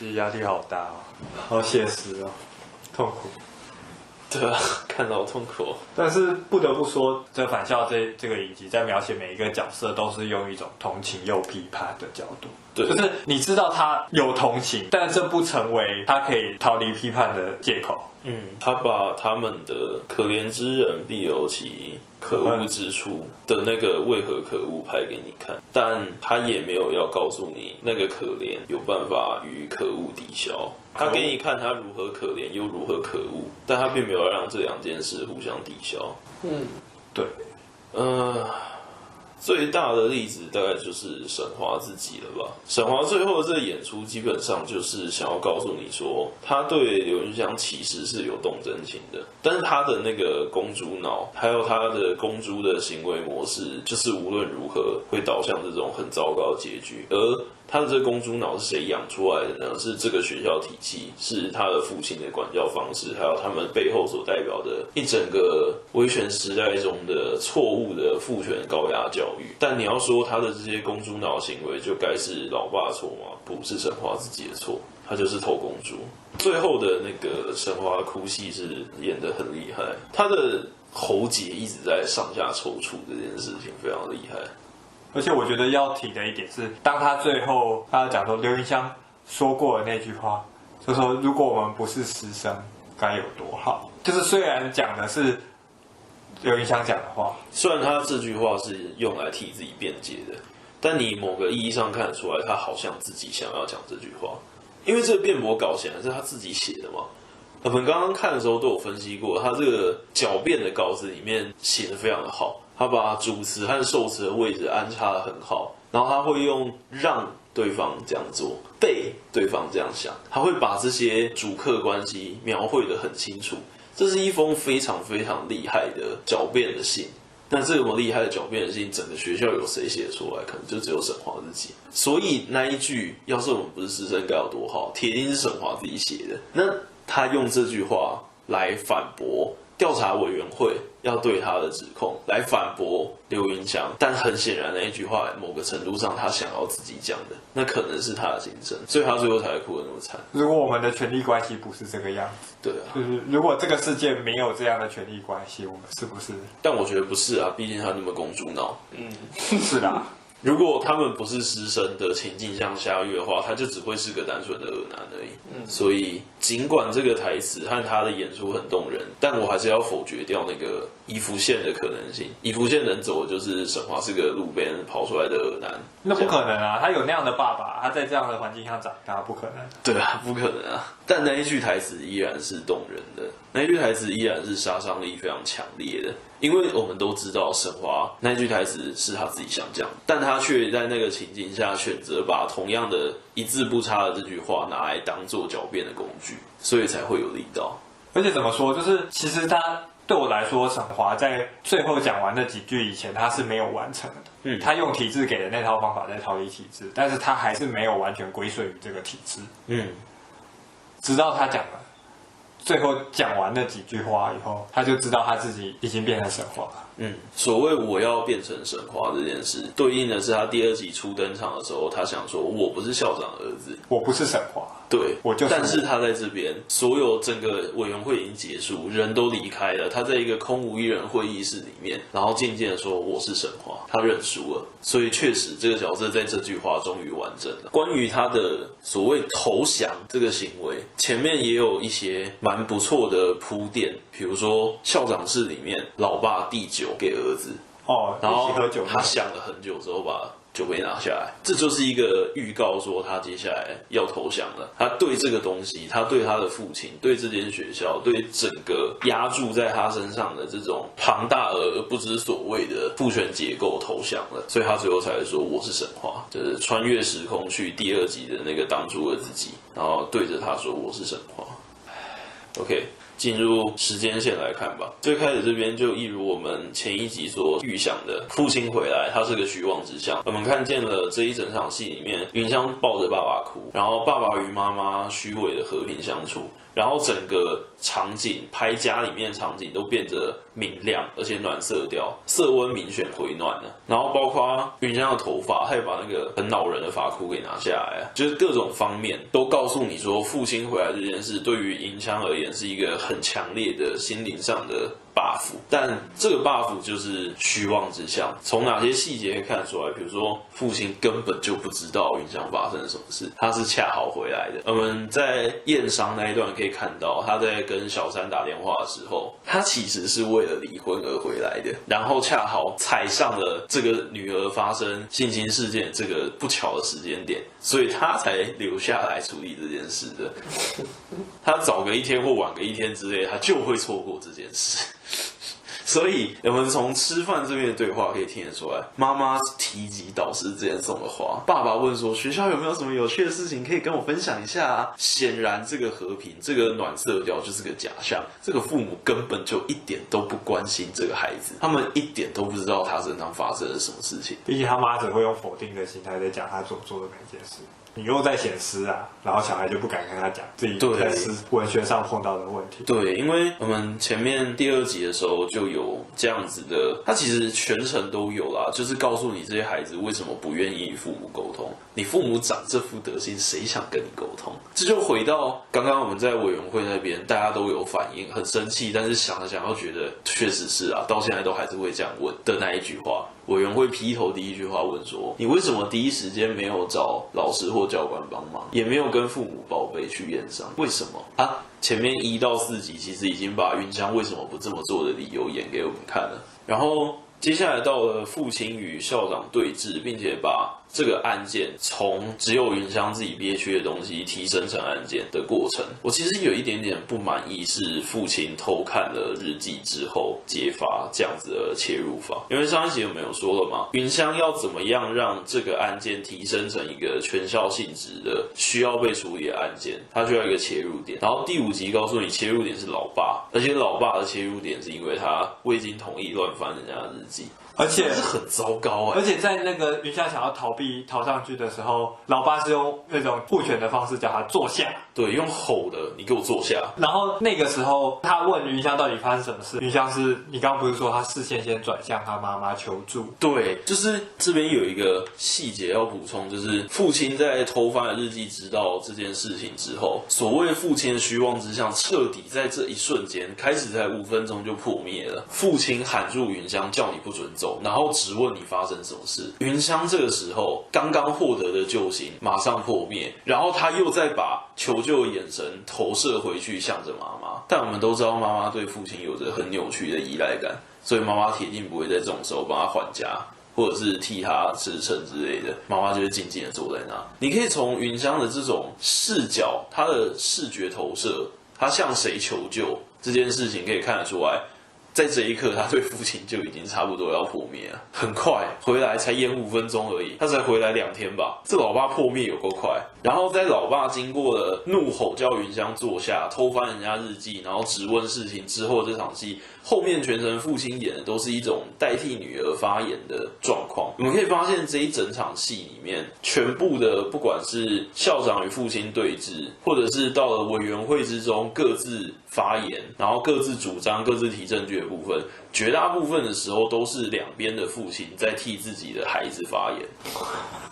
其實壓力好大哦，好寫實哦，痛苦。對啊，看著好痛苦哦。但是不得不說，這返校這這個影集，在描寫每一個角色，都是用一種同情又批判的角度。對，就是你知道他有同情，但這不成為他可以逃離批判的借口。嗯，他把他們的可憐之人必有其可惡之處的那個為何可惡拍給你看，但他也沒有要告訴你那個可憐有辦法與可惡抵消。他給你看他如何可憐又如何可惡，但他並沒有讓這兩件事互相抵消。嗯，對，嗯、呃。最大的例子大概就是沈華自己了吧？沈華最後的這個演出，基本上就是想要告訴你說，他對劉芸香其實是有動真情的。但是他的那個公主腦，還有他的公主的行為模式，就是無論如何會導向這種很糟糕的結局。而他的這個公主腦是誰養出來的呢？是這個學校體系，是他的父親的管教方式，還有他們背後所代表的一整個威權時代中的錯誤的父權高壓教。但你要說他的這些公主腦行為，就該是老爸錯嗎？不是沈華自己的錯，他就是頭公主。最後的那個沈華哭戲是演得很厲害，他的喉結一直在上下抽搐，這件事情非常厲害。而且我覺得要提的一點是，當他最後他講說劉雲香說過的那句話，就說如果我們不是師生，該有多好。就是雖然講的是。有人想講的話，雖然他這句話是用來替自己辯解的，但你某個意義上看得出來，他好像自己想要講這句話，因為這個辯駁稿顯然是他自己寫的嘛。我們剛剛看的時候都有分析過，他這個狡辯的稿子裡面寫得非常的好，他把主詞和受詞的位置安插得很好，然後他會用讓對方這樣做，被對方這樣想，他會把這些主客關係描繪得很清楚。這是一封非常非常厲害的狡辯的信，那這麼厲害的狡辯的信，整個學校有誰寫出來？可能就只有沈華自己。所以那一句“要是我們不是師生，該有多好”，鐵定是沈華自己寫的。那他用這句話來反駁。調查委員會要對他的指控來反駁劉雲翔，但很顯然的一句話、欸，某個程度上他想要自己講的，那可能是他的精神，所以他最後才會哭得那麼慘。如果我們的權力關係不是這個樣子，對啊，就是，如果這個世界沒有這樣的權力關係，我們是不是？但我覺得不是啊，畢竟他那麼公主腦，嗯， 是的。如果他們不是師生的情境下相遇的話，他就只會是個單純的惡男而已。嗯，所以。儘管這個台詞和他的演出很動人，但我還是要否決掉那個伊芙線的可能性。伊芙線能走的就是沈華是個路邊跑出來的惡男，那不可能啊！他有那樣的爸爸，他在這樣的環境下長大，不可能啊。對啊，不可能啊！但那一句台詞依然是動人的，那一句台詞依然是殺傷力非常強烈的，因為我們都知道沈華那一句台詞是他自己想講，但他卻在那個情景下選擇把同樣的。一字不差的這句話拿來當做狡辯的工具，所以才會有力道。而且怎麼說，就是其實他對我來說，沈華在最後講完那幾句以前，他是沒有完成的。嗯，他用體制給的那套方法在逃離體制，但是他還是沒有完全歸順於這個體制。嗯，直到他講了最後講完那幾句話以後，他就知道他自己已經變成沈華了。嗯，所謂我要變成神話這件事，對應的是他第二集初登場的時候，他想說：“我不是校長的兒子，我不是神話。”對，我就是。但是他在這邊，所有整個委員會已經結束，人都離開了，他在一個空無一人會議室裡面，然後漸漸的說：“我是神話。”他認輸了。所以確實，這個角色在這句話終於完整了。關於他的所謂投降這個行為，前面也有一些蠻不錯的鋪墊，比如說校長室裡面，老爸第九，給兒子哦，然後他想了很久之後，把酒杯拿下來。這就是一個預告，說他接下來要投降了。他對這個東西，他對他的父親，對這間學校，對整個壓住在他身上的這種龐大而不知所謂的父權結構投降了。所以他最後才說：“我是神話。”就是穿越時空去第二集的那個當初的自己，然後對着他說：“我是神話。” OK。進入時間線來看吧，最開始這邊就一如我們前一集所預想的，父親回來，他是個虛妄之相。我們看見了這一整場戲裡面，芸香抱着爸爸哭，然後爸爸與媽媽虛偽的和平相處。然後整個場景拍家裡面的場景都變得明亮，而且暖色調，色溫明顯回暖了。然後包括云香的頭髮，還把那個很惱人的髮箍給拿下來，就是各種方面都告訴你說，父親回來這件事對於云香而言是一個很強烈的心靈上的 buff，但這個 buff 就是虛妄之相。從哪些細節可以看出來？比如說，父親根本就不知道芸香發生了什麼事，他是恰好回來的。我們在驗傷那一段可以看到，他在跟小三打電話的時候，他其實是為了離婚而回來的。然後恰好踩上了這個女兒發生性侵事件這個不巧的時間點，所以他才留下來處理這件事的。他早個一天或晚個一天之類，他就會錯過這件事。所以，我們從吃飯這邊的對話可以聽得出來，媽媽提及導師之前送的花，爸爸問說，學校有沒有什麼有趣的事情可以跟我分享一下啊？顯然，這個和平，這個暖色調就是個假象，這個父母根本就一點都不關心這個孩子，他們一點都不知道他身上發生了什麼事情，畢竟他媽只會用否定的心態在講他所做、做的每一件事。你又在寫詩啊？然後小孩就不敢跟他講自己在是文學上碰到的問題對。對，因為我們前面第二集的時候就有這樣子的，他其實全程都有啦，就是告訴你這些孩子為什麼不願意與父母溝通。你父母長這副德行，誰想跟你溝通？這就回到剛剛我們在委員會那邊，大家都有反應，很生氣，但是想了想又覺得確實是啊，到現在都還是會這樣我的那一句話。委員會劈頭第一句話問說：“你為什麼第一時間沒有找老師或教官幫忙，也沒有跟父母報備去驗傷？為什麼？”他、啊、前面一到四集其實已經把芸香為什麼不這麼做的理由演給我們看了，然後接下來到了父親與校長對峙，並且把，這個案件從只有云香自己憋屈的東西提升成案件的過程，我其實有一點點不滿意，是父親偷看了日記之後揭發這樣子的切入法。因為上一集我沒有說了嘛，云香要怎麼樣讓這個案件提升成一個全校性質的需要被處理的案件，他就要一個切入點。然後第五集告訴你切入點是老爸，而且老爸的切入點是因為他未經同意亂翻人家的日記。而且很糟糕哎、欸！而且在那個芸香想要逃避逃上去的時候，老爸是用那種護犬的方式叫他坐下。對，用吼的，你給我坐下。然後那個時候，他問芸香到底發生什麼事？芸香是，你剛剛不是說他視線先轉向他媽媽求助？對，就是這邊有一個細節要補充，就是父親在偷翻了日記知道這件事情之後，所謂父親的虛妄之相，徹底在這一瞬間開始，在五分鐘就破滅了。父親喊住芸香，叫你不准。走，然後質問，你發生什麼事。云香這個時候剛剛獲得的救星馬上破滅，然後他又再把求救的眼神投射回去，向着媽媽。但我們都知道，媽媽對父親有着很扭曲的依賴感，所以媽媽鐵定不會在這種時候幫他緩頰，或者是替他支撐之類的。媽媽就是靜靜的坐在那。你可以從云香的這種視角，她的視覺投射，她向誰求救這件事情，可以看得出來。在這一刻，他對父親就已經差不多要破滅了。很快回來，才演五分鐘而已，他才回來兩天吧？這老爸破滅有夠快！然後在老爸經過了怒吼叫芸香坐下、偷翻人家日記，然後質問事情之後，這場戲後面全程父親演的都是一種代替女兒發言的狀況。我們可以發現，這一整場戲裡面，全部的不管是校長與父親對峙，或者是到了委員會之中各自發言，然後各自主張、各自提證據。部分。絕大部分的時候都是兩邊的父親在替自己的孩子發言，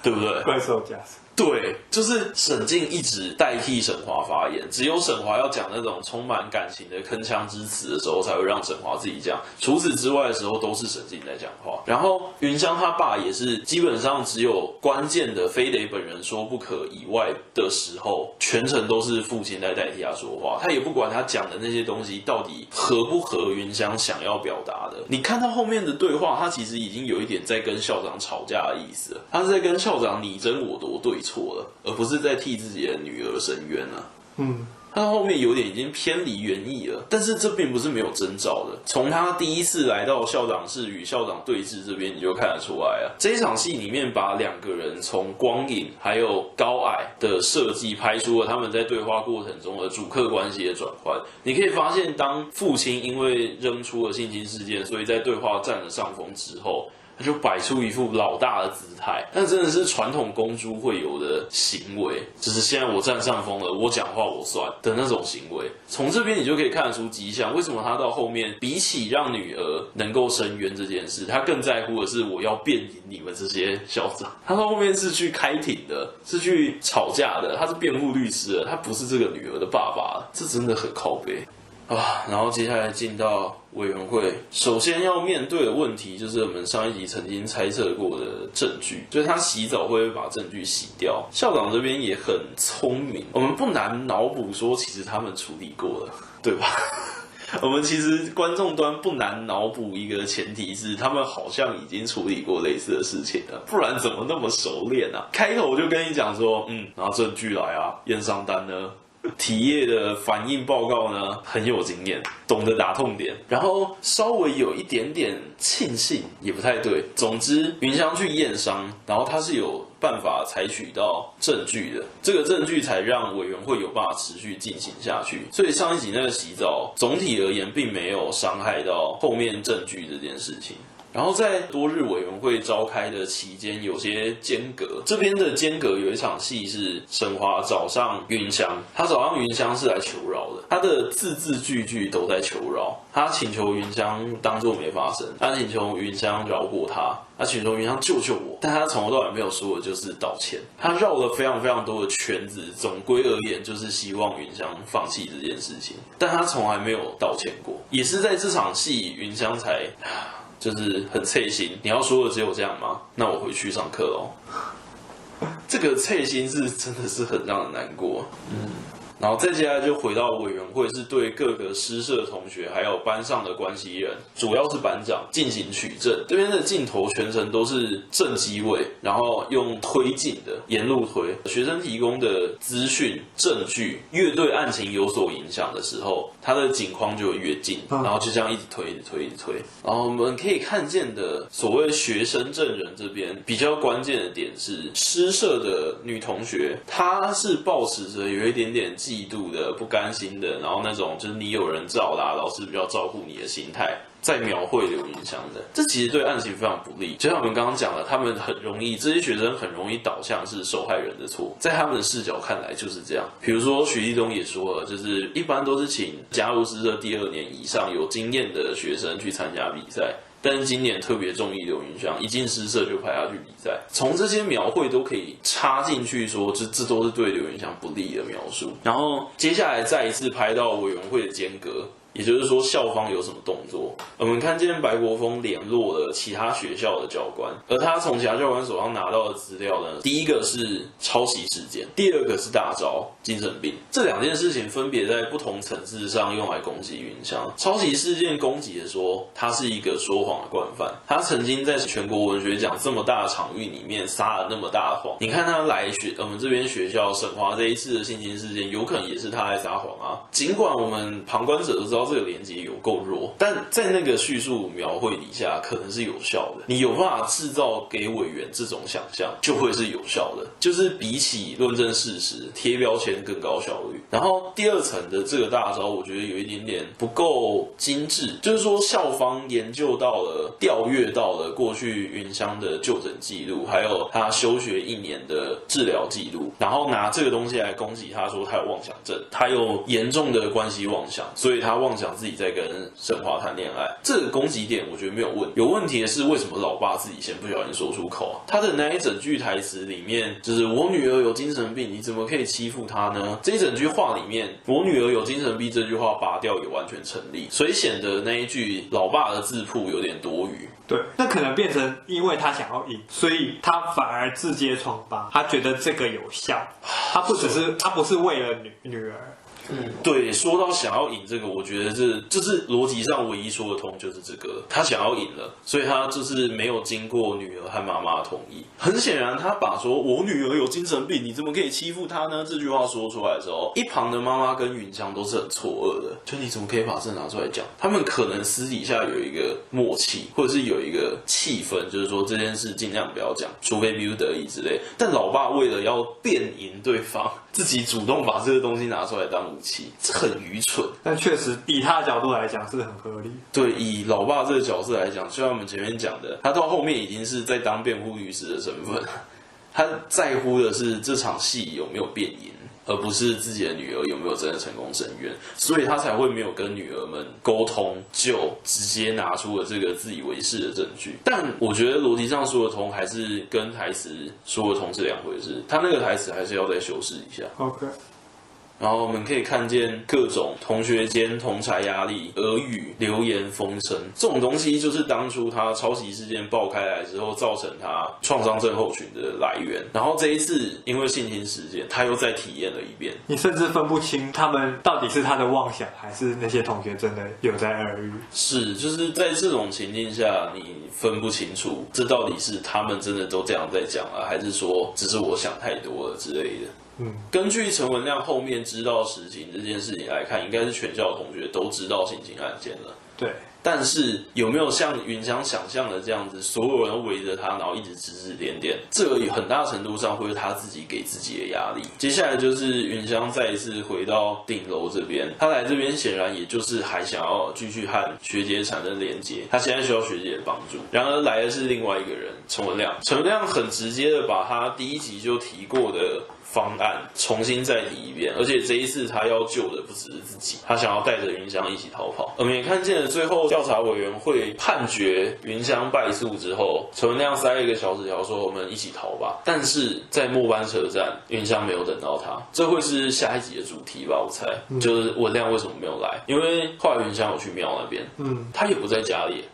對不對？怪獸家對，就是沈靜一直代替沈華發言，只有沈華要講那種充滿感情的鏗鏘之詞的時候，才會讓沈華自己講。除此之外的時候，都是沈靜在講話。然後芸香他爸也是，基本上只有關鍵的非得本人說不可以外的時候，全程都是父親在代替他說話。他也不管他講的那些東西到底合不合芸香想要表達。的，你看到後面的對話，他其實已經有一點在跟校長吵架的意思了，他是在跟校長你爭我奪對錯了，而不是在替自己的女兒申冤了，啊。嗯，他後面有點已經偏離原意了，但是這並不是沒有徵兆的。從他第一次來到校長室與校長對峙這邊，你就看得出來啊。這一場戲裡面，把兩個人從光影還有高矮的設計拍出了他們在對話過程中的主客關係的轉換。你可以發現，當父親因為扔出了性侵事件，所以在對話占了上風之後。他就擺出一副老大的姿態，那真的是傳統公豬會有的行為，只、就是現在我占上風了，我講話我算的那種行為。從這邊你就可以看得出跡象，為什麼他到後面比起讓女兒能夠伸冤這件事，他更在乎的是我要辯贏你們這些校長。他到後面是去開庭的，是去吵架的，他是辯護律師的，他不是這個女兒的爸爸了，這真的很靠北。啊、哦，然後接下來進到委員會，首先要面對的問題就是我們上一集曾經猜測過的證據，就是他洗澡會不會把證據洗掉。校長這邊也很聰明，我們不難腦補說，其實他們處理過了，對吧？ 我們其實觀眾端不難腦補一個前提是，他們好像已經處理過類似的事情了，不然怎麼那麼熟練啊？開口就跟你講說，嗯，拿證據來啊，驗傷單呢？體液的反應報告呢，很有經驗，懂得打痛點，然後稍微有一點點慶幸也不太對。總之，雲香去驗傷，然後他是有辦法採取到證據的，這個證據才讓委員會有辦法持續進行下去。所以上一集那個洗澡，總體而言並沒有傷害到後面證據這件事情。然後在多日委員會召開的期間，有些間隔。這邊的間隔有一場戲是沈華找上雲香，他找上雲香是來求饒的。他的字字句句都在求饒，他請求雲香當作沒發生，他請求雲香饒過他，他請求雲香救救我。但他從頭到尾沒有說的就是道歉。他繞了非常非常多的圈子，總歸而言就是希望雲香放棄這件事情，但他從來沒有道歉過。也是在這場戲，雲香才。就是很切心，你要說的只有這樣嗎？那我回去上課咯 這個切心是真的是很讓人難過。嗯。然後再接下來就回到委員會，是對各個詩社同學還有班上的關係人，主要是班長進行取證。這邊的鏡頭全程都是正機位，然後用推進的沿路推。學生提供的資訊證據越對案情有所影響的時候，他的景框就越近，然後就這樣一直推，一直推，一直推。然後我們可以看見的所謂學生證人這邊比較關鍵的點是詩社的女同學，她是抱持着有一點點。嫉妒的、不甘心的，然後那種就是你有人罩啦，老師比較照顧你的心態，在描繪留影響的，這其實對案情非常不利。就像我們剛剛講了，他們很容易，這些學生很容易導向是受害人的錯，在他們的視角看來就是這樣。比如說徐立東也說了，就是一般都是請加入社的第二年以上有經驗的學生去參加比賽。但是今年特別中意劉芸香，一進詩社就派他去比賽，從這些描繪都可以插進去說，這這都是對劉芸香不利的描述。然後接下來再一次拍到委員會的間隔。也就是說，校方有什麼動作？我們看見白國鋒聯絡了其他學校的教官，而他從其他教官手上拿到的資料呢？第一個是抄襲事件，第二個是大招精神病。這兩件事情分別在不同層次上用來攻擊云香。抄襲事件攻擊的說他是一個說謊的慣犯，他曾經在全國文學獎這麼大場域裡面撒了那麼大的謊。你看他來學我們這邊學校沈華這一次的性侵事件，有可能也是他在撒謊啊。儘管我們旁觀者都知道。這個連接有夠弱，但在那個敘述描繪底下，可能是有效的。你有辦法製造給委員這種想象，就會是有效的。就是比起論證事實，貼標籤更高效率。然後第二層的這個大招，我覺得有一點點不夠精緻，就是說校方研究到了，調閱到了過去芸香的就診記錄，還有他休學一年的治療記錄，然後拿這個東西來攻擊他，說他有妄想症，他有嚴重的關係妄想，所以他妄想。妄想自己在跟沈華談戀愛，這個攻擊點我覺得沒有問有問題。的是為什麼老爸自己先不小心說出口，他的那一整句台詞裡面就是我女兒有精神病，你怎麼可以欺負她呢？這一整句話裡面，我女兒有精神病這句話拔掉也完全成立，所以顯得那一句老爸的自曝有點多餘。對，那可能變成因為他想要贏，所以他反而自揭瘡疤，他覺得這個有效，他不只是他不是為了女女兒。嗯，對，說到想要贏這個，我覺得是，就是邏輯上唯一說得通就是這個，他想要贏了，所以他就是沒有經過女兒和媽媽的同意。很顯然，他把說“我女兒有精神病，你怎麼可以欺負她呢？”這句話說出來的時候，一旁的媽媽跟芸香都是很錯愕的。就你怎麼可以把這拿出來講？他們可能私底下有一個默契，或者是有一個氣氛，就是說這件事盡量不要講，除非逼不得已之類。但老爸為了要辯贏對方。自己主動把這個東西拿出來當武器，這很愚蠢。但確實，以他的角度來講，是很合理。對，以老爸這個角色來講，就像我們前面講的，他到後面已經是在當辯護律師的身份，他在乎的是這場戲有沒有辯贏。而不是自己的女兒有沒有真的成功申冤，所以他才會沒有跟女兒們溝通，就直接拿出了這個自以為是的證據。但我覺得邏輯上說得通，還是跟台詞說得通是兩回事。他那個台詞還是要再修飾一下。OK。然後我們可以看見各種同學間同儕壓力、耳語、流言風聲這種東西，就是當初他抄襲事件爆開來之後，造成他創傷症候群的來源、嗯。然後這一次因為性侵事件，他又再體驗了一遍。你甚至分不清他們到底是他的妄想，還是那些同學真的有在耳語。是，就是在這種情境下，你分不清楚這到底是他們真的都這樣在講了、啊，還是說只是我想太多了之類的。根據陳文亮後面知道實情這件事情來看，應該是全校的同學都知道性侵案件了。對，但是有沒有像芸香想象的這樣子，所有人圍着他，然後一直指指點點？這個也很大程度上會是他自己給自己的壓力。接下來就是芸香再一次回到頂樓這邊，他來這邊顯然也就是還想要繼續和學姐產生連接，他現在需要學姐的幫助。然而來的是另外一個人，陳文亮。陳文亮很直接的把他第一集就提過的。方案重新再理一遍，而且這一次他要救的不只是自己，他想要帶着云香一起逃跑。我們也看見了最後調查委員會判決云香敗訴之後，陳文亮塞了一個小紙條說：“我們一起逃吧。”但是，在末班車站，云香沒有等到他。這會是下一集的主題吧？我猜，就是文亮為什麼沒有來，因為後來云香有去廟那邊，嗯，他也不在家裡。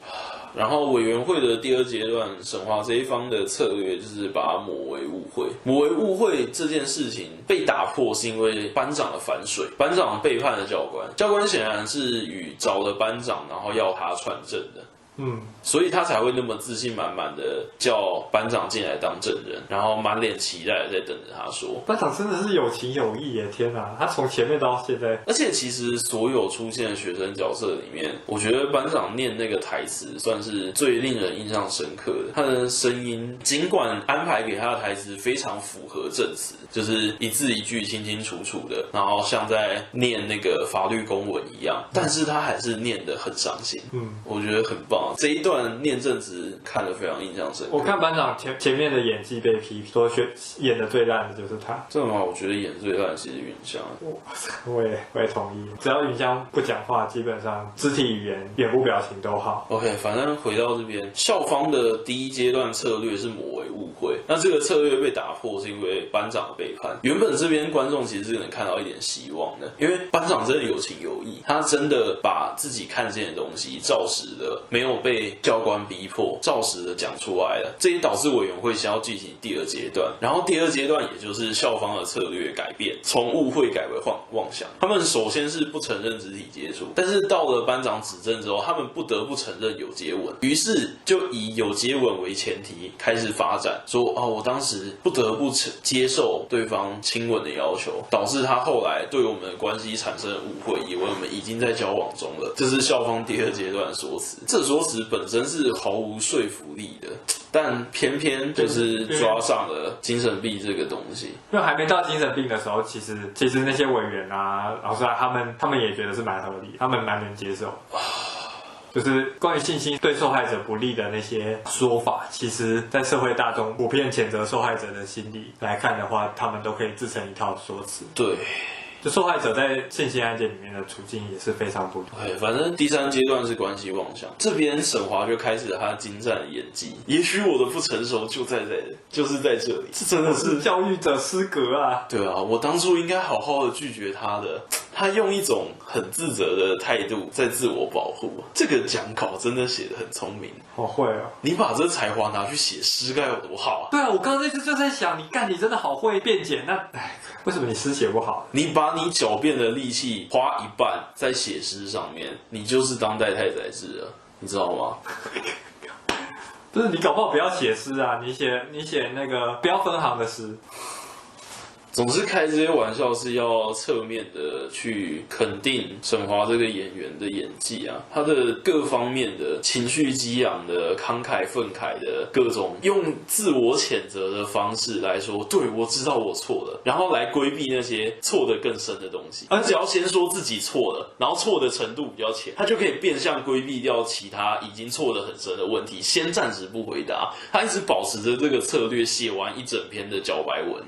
然後委員會的第二階段，沈華這一方的策略就是把它抹為誤會。抹為誤會這件事情被打破，是因為班長的反水，班長背叛了教官，教官顯然是與找了班長，然後要他串證的。嗯，所以他才會那麼自信滿滿的叫班長進來當證人，然後滿臉期待的在等着他說。班長真的是有情有義耶！天哪，他從前面到現在，而且其實所有出現的學生角色裡面，我覺得班長念那個台詞算是最令人印象深刻的。他的聲音儘管安排給他的台詞非常符合證詞，就是一字一句清清楚楚的，然後像在念那個法律公文一樣，但是他還是念得很傷心。嗯，我覺得很棒。這一段念證詞，看得非常印象深刻。我看班長前前面的演技被批，說學演演得最爛的就是他。這種話我覺得演最爛其實雲香。我我也我也同意，只要雲香不講話，基本上肢體語言、臉部表情都好。OK，反正回到這邊，校方的第一階段策略是抹為誤會。那這個策略被打破是因為班長的背叛。原本這邊觀眾其實是能看到一點希望的，因為班長真的有情有義，他真的把自己看見的東西照實的沒有。被教官逼迫，照實的講出來了，這也導致委員會想要進行第二階段。然後第二階段，也就是校方的策略改變，從誤會改為幻妄想。他們首先是不承認肢體接觸，但是到了班長指證之後，他們不得不承認有接吻。於是就以有接吻為前提開始發展，說：“哦，我當時不得不承接受對方親吻的要求，導致他後來對我們的關係產生誤會，以為我們已經在交往中了。”這是校方第二階段的說辭。這時候，本身是毫無說服力的，但偏偏就是抓上了精神病這個東西。嗯嗯嗯。因為還沒到精神病的時候，其實其實那些委員啊、老師啊，他們他們也覺得是蠻合理的，他們蠻能接受。就是關於信心對受害者不利的那些說法，其實，在社會大眾普遍譴責受害者的心理來看的話，他們都可以自成一套說辭。對。就受害者在性侵案件裡面的處境也是非常不。對、哎，反正第三階段是關係妄想，這邊沈華就開始了他精湛的演技。也許我的不成熟就在在，就是在這裡，這真的是，是教育者失格啊。對啊，我當初應該好好的拒絕他的。他用一種很自責的態度在自我保護，這個講稿真的寫得很聰明。好會啊！你把這才華拿去寫詩該有多好啊！對啊，我剛剛一直就在想，你幹，你真的好會辯解。那，哎，為什麼你詩寫不好？你把你狡辯的力氣花一半在寫詩上面，你就是當代太宰治了，你知道嗎？就是，你搞不好不要寫詩啊，你寫你寫那個不要分行的詩。總是開這些玩笑，是要側面的去肯定沈華這個演員的演技啊，他的各方面的情緒激昂的、慷慨憤慨的各種用自我譴責的方式來說，對我知道我錯了，然後來規避那些錯得更深的東西。他只要先說自己錯了，然後錯的程度比較淺，他就可以變相規避掉其他已經錯得很深的問題。先暫時不回答，他一直保持着這個策略，寫完一整篇的狡白文。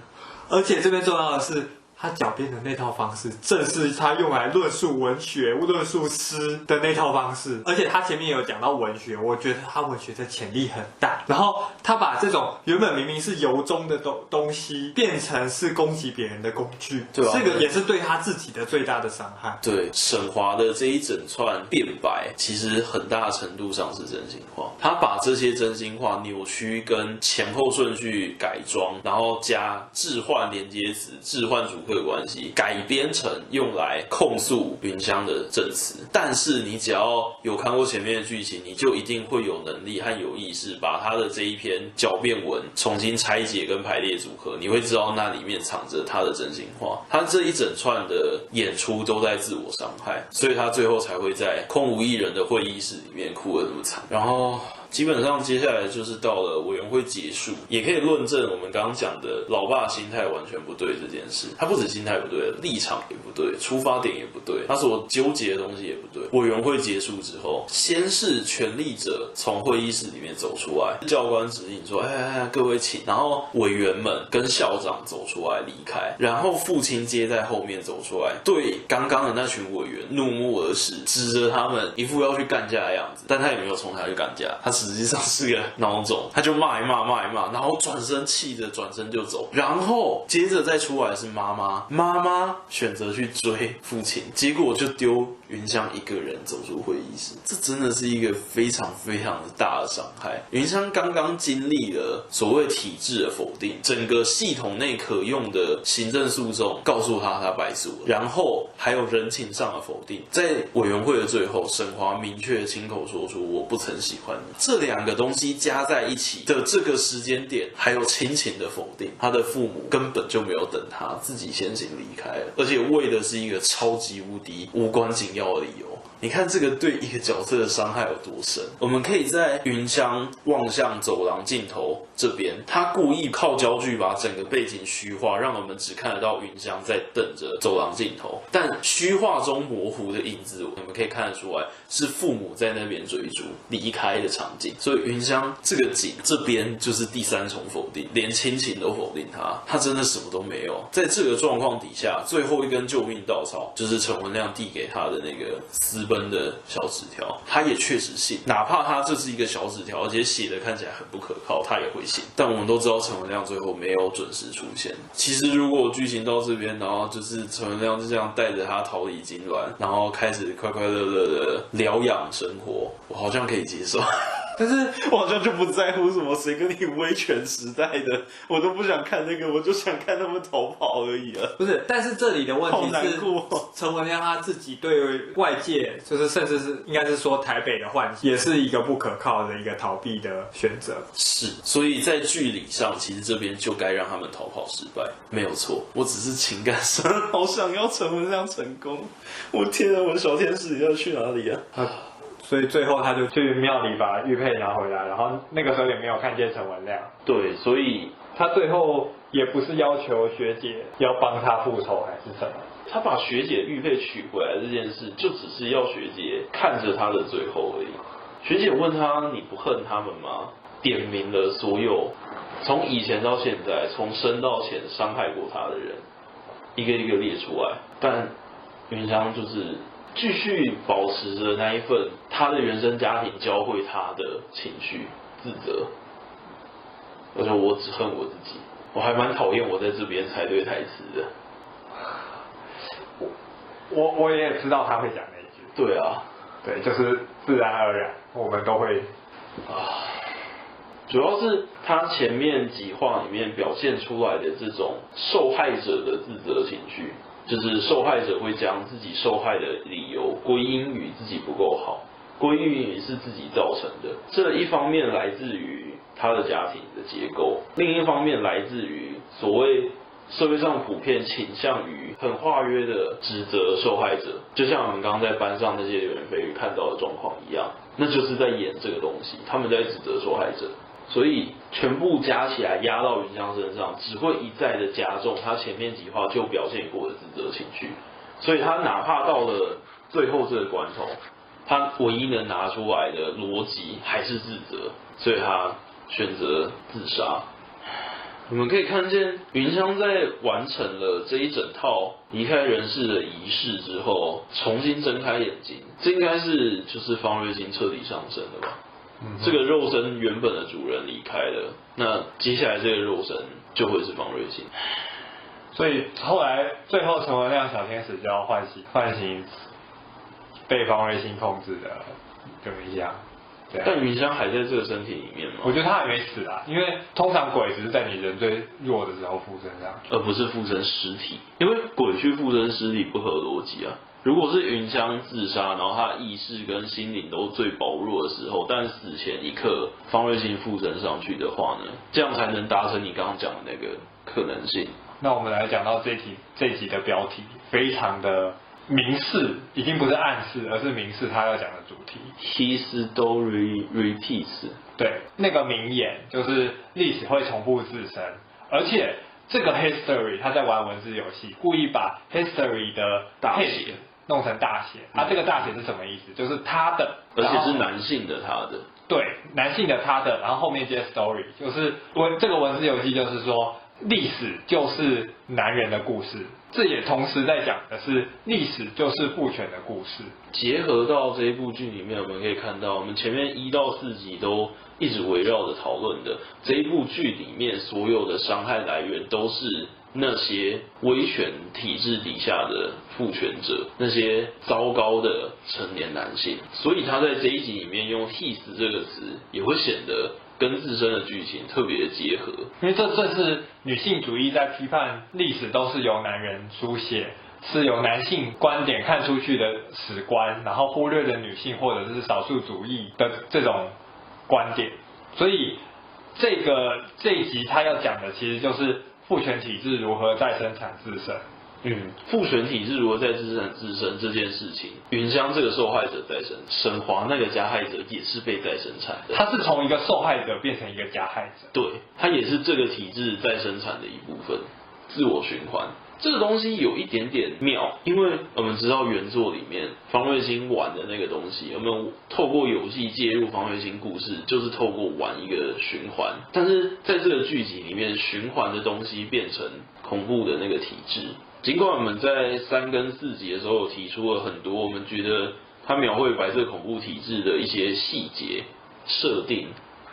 而且這邊重要的是。他狡辯的那套方式，正是他用來論述文學、論述詩的那套方式。而且他前面有講到文學，我覺得他文學的潛力很大。然後他把這種原本明明是由衷的東東西，變成是攻擊別人的工具，對吧？這個也是對他自己的最大的傷害對。對，對沈華的這一整串辯白，其實很大程度上是真心話。他把這些真心話扭曲，跟前後順序改裝，然後加置換連接詞、置換主。的關係改編成用來控訴芸香的證詞，但是你只要有看過前面的劇情，你就一定會有能力和有意識把他的這一篇狡辯文重新拆解跟排列組合，你會知道那裡面藏着他的真心話。他這一整串的演出都在自我傷害，所以他最後才會在空無一人的會議室裡面哭得那麼慘。然後。基本上接下來就是到了委員會結束，也可以論證我們剛剛講的老爸心態完全不對這件事。他不止心態不對，立場也不對，出發點也不對，他所糾結的東西也不對。委員會結束之後，先是權力者從會議室裡面走出來，教官指引說：“哎哎，各位請。”然後委員們跟校長走出來離開，然後父親接在後面走出來，對剛剛的那群委員怒目而視，指着他們一副要去幹架的樣子，但他也沒有衝下去幹架，他實際上是個孬種，他就罵一罵，罵一罵，然後，轉身氣著轉身就走，然後接着再出來是媽媽，媽媽選擇去追父親，結果就丟云香一個人走出會議室，這真的是一個非常非常大的傷害。云香剛剛經歷了所謂體制的否定，整個系統內可用的行政訴訟告訴他他敗訴了，然後還有人情上的否定，在委員會的最後，沈華明確親口說出我不曾喜歡你。這兩個東西加在一起的這個時間點，還有親情的否定，他的父母根本就沒有等他，自己先行離開了，而且為的是一個超級無敵、無關緊要的理由。你看這個對一個角色的傷害有多深？我們可以在芸香望向走廊盡頭這邊，他故意靠焦距把整個背景虛化，讓我們只看得到芸香在等着走廊盡頭。但虛化中模糊的影子，我們可以看得出來是父母在那邊追逐離開的場景。所以芸香這個景這邊就是第三重否定，連親情都否定他，他真的什麼都沒有。在這個狀況底下，最後一根救命稻草就是陳文亮遞給他的那個私奔的小紙條，他也確實信，哪怕他這是一個小紙條，而且寫的看起來很不可靠，他也會信。但我們都知道陳文亮最後沒有準時出現。其實如果劇情到這邊，然後就是陳文亮就這樣帶着他逃離痙攣，然後開始快快樂樂的療養生活，我好像可以接受。但是我好像就不在乎什麼誰跟你威權時代的，我都不想看那個，我就想看他們逃跑而已了。不是，但是這裡的問題是陳文亮他自己對外界，就是甚至是應該是說台北的幻想，也是一個不可靠的一個逃避的選擇。是，所以在劇裡上，其實這邊就該讓他們逃跑失敗，沒有錯。我只是情感上好想要陳文亮成功，我天啊，我的小天使你要去哪裡啊？啊所以最後，他就去廟裡把玉佩拿回來，然後那個時候也沒有看見陳文亮。對，所以他最後也不是要求學姐要幫他復仇，還是什麼？他把學姐玉佩取回來這件事，就只是要學姐看着他的最後而已。學姐問他：“你不恨他們嗎？”點名了所有從以前到現在，從深到淺傷害過他的人，一個一個列出來。但芸香就是。繼續保持着那一份他的原生家庭教會他的情緒自責，而且我只恨我自己。我還蠻討厭我在這邊猜對台詞的。我我我也知道他會講那一句。對啊，對，就是自然而然，我們都會。啊，主要是他前面幾話裡面表現出來的這種受害者的自責情緒。就是受害者會將自己受害的理由歸因於自己不夠好，歸因於是自己造成的。這一方面來自於他的家庭的結構，另一方面來自於所謂社會上普遍傾向於很化約的指責受害者。就像我們剛剛在班上那些袁飛宇看到的狀況一樣，那就是在演這個東西，他們在指責受害者。所以全部加起來壓到芸香身上，只會一再的加重他前面幾話就表現過的自責情緒。所以他哪怕到了最後這個關頭，他唯一能拿出來的邏輯還是自責，所以他選擇自殺。我們可以看見芸香在完成了這一整套離開人世的儀式之後，重新睜開眼睛，這應該是就是方芮欣徹底上身了吧。這個肉身原本的主人離開了，那接下來這個肉身就會是方芮欣。所以後來最後成為那樣小天使就要喚醒，喚醒被方芮欣控制的雲香，對。但雲香還在這個身體裡面嗎？我覺得他還沒死啊，因為通常鬼只是在你人最弱的時候附身這樣，而不是附身屍體，因為鬼去附身屍體不合邏輯啊。如果是芸香自殺，然後他意識跟心靈都最薄弱的時候，但死前一刻方芮欣附身上去的話呢，這樣才能達成你剛剛講的那個可能性。那我們來講到這集，這集的標題非常的明示，已經不是暗示，而是明示他要講的主題。History repeats，對，那個名言就是歷史會重複自身，而且這個 history 他在玩文字遊戲，故意把 history 的大寫。弄成大寫，啊，這個大寫是什麼意思？嗯、就是他的，而且是男性的他的。對，男性的他的，然後後面接 story，就是文這個文字遊戲就是說，歷史就是男人的故事，這也同時在講的是歷史就是父權的故事。結合到這一部劇裡面，我們可以看到，我們前面一到四集都一直圍繞着討論的這一部劇裡面所有的傷害來源都是。那些威權體制底下的父權者，那些糟糕的成年男性，所以他在這一集裡面用 his 這個詞，也會顯得跟自身的劇情特別的結合。因為這正是女性主義在批判歷史都是由男人書寫，是由男性觀點看出去的史觀，然後忽略了女性或者是少數主義的這種觀點。所以這個這一集他要講的其實就是。父權體制如何再生產自身？嗯，父權體制如何再生產自身這件事情，芸香這個受害者再生升華，那個加害者也是被再生產，他是從一個受害者變成一個加害者對，對他也是這個體制再生產的一部分，自我循環。這個東西有一點點妙，因為我們知道原作裡面方芮欣玩的那個東西，我們透過遊戲介入方芮欣故事，就是透過玩一個循環。但是在這個劇集裡面，循環的東西變成恐怖的那個體制。儘管我們在三跟四集的時候提出了很多，我們覺得它描繪白色恐怖體制的一些細節設定、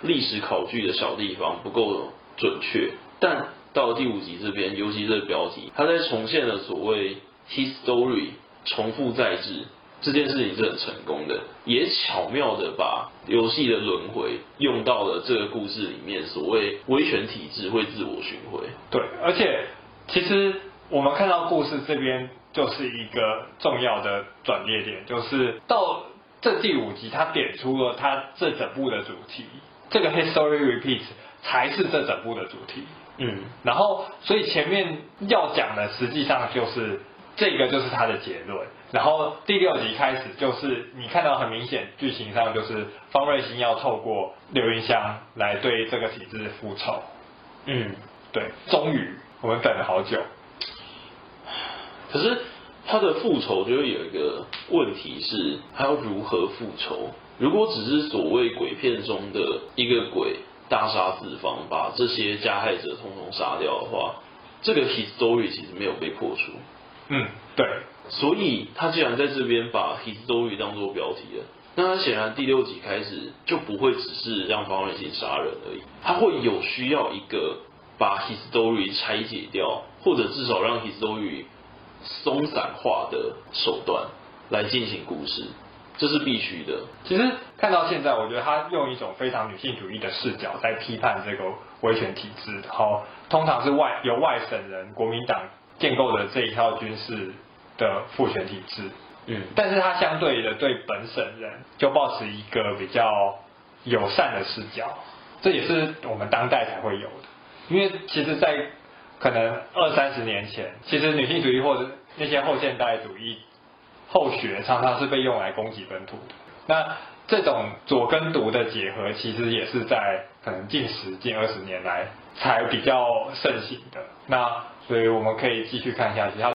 歷史考據的小地方不夠準確，但到了第五集這邊，尤其這個標題，他在重現了所謂 history 重複再制這件事情是很成功的，也巧妙地把遊戲的輪迴用到了這個故事裡面。所謂威權體制會自我循環，對。而且，其實我們看到故事這邊就是一個重要的轉捩點，就是到這第五集，他點出了他這整部的主題，這個 history repeats 才是這整部的主題。嗯，然後所以前面要講的，實際上就是這個，就是他的結論。然後第六集開始，就是你看到很明顯劇情上，就是方芮欣要透過劉芸香來對這個體制復仇。嗯，對，終於我們等了好久。可是他的復仇就是有一個問題是，他要如何復仇？如果只是所謂鬼片中的一個鬼，大殺四方，把這些加害者通通殺掉的話，這個 history 其實沒有被破除。嗯，對。所以他既然在這邊把 history 當做標題了，那他顯然第六集開始就不會只是讓方芮欣殺人而已，他會有需要一個把 history 拆解掉，或者至少讓 history 鬆散化的手段來進行故事。這是必須的。其實看到現在，我覺得他用一種非常女性主義的視角在批判這個威權體制，然後通常是外由外省人國民黨建構的這一套軍事的父權體制。嗯，但是他相對的對本省人就抱持一個比較友善的視角，這也是我們當代才會有的。因為其實，在可能二三十年前，其實女性主義或者那些後現代主義。後學常常是被用來攻擊本土的，那這種左跟獨的結合，其實也是在可能近十、近二十年來才比較盛行的，那所以我們可以繼續看一下其他。